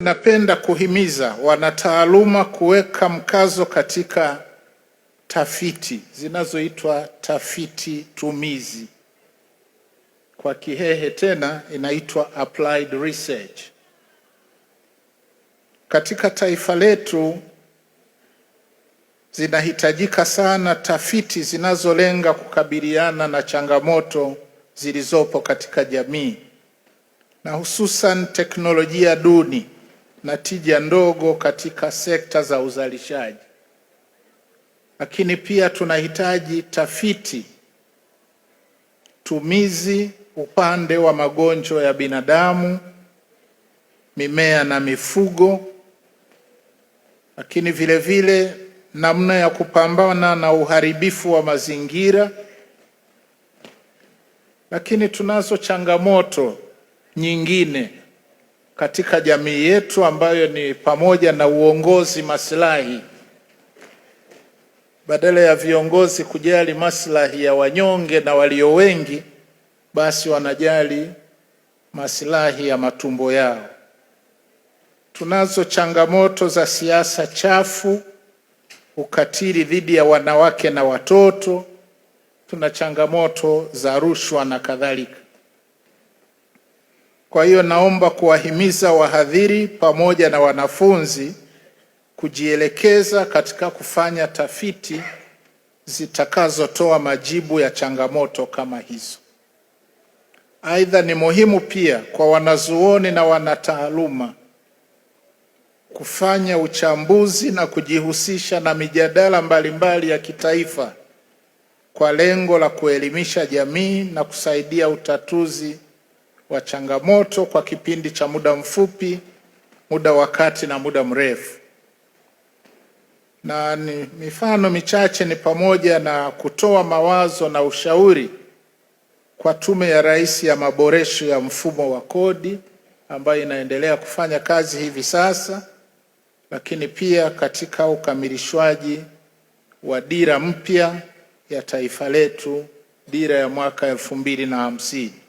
Napenda kuhimiza wanataaluma kuweka mkazo katika tafiti zinazoitwa tafiti tumizi, kwa Kihehe tena inaitwa applied research. Katika taifa letu zinahitajika sana tafiti zinazolenga kukabiliana na changamoto zilizopo katika jamii na hususan teknolojia duni na tija ndogo katika sekta za uzalishaji, lakini pia tunahitaji tafiti tumizi upande wa magonjwa ya binadamu, mimea na mifugo, lakini vile vile namna ya kupambana na uharibifu wa mazingira. Lakini tunazo changamoto nyingine katika jamii yetu ambayo ni pamoja na uongozi maslahi, badala ya viongozi kujali maslahi ya wanyonge na walio wengi, basi wanajali maslahi ya matumbo yao. Tunazo changamoto za siasa chafu, ukatili dhidi ya wanawake na watoto, tuna changamoto za rushwa na kadhalika. Kwa hiyo naomba kuwahimiza wahadhiri pamoja na wanafunzi kujielekeza katika kufanya tafiti zitakazotoa majibu ya changamoto kama hizo. Aidha, ni muhimu pia kwa wanazuoni na wanataaluma kufanya uchambuzi na kujihusisha na mijadala mbalimbali ya kitaifa kwa lengo la kuelimisha jamii na kusaidia utatuzi wa changamoto kwa kipindi cha muda mfupi, muda wa kati na muda mrefu. Na ni mifano michache ni pamoja na kutoa mawazo na ushauri kwa Tume ya Rais ya maboresho ya mfumo wa kodi ambayo inaendelea kufanya kazi hivi sasa, lakini pia katika ukamilishwaji wa dira mpya ya taifa letu, dira ya mwaka elfu mbili na hamsini.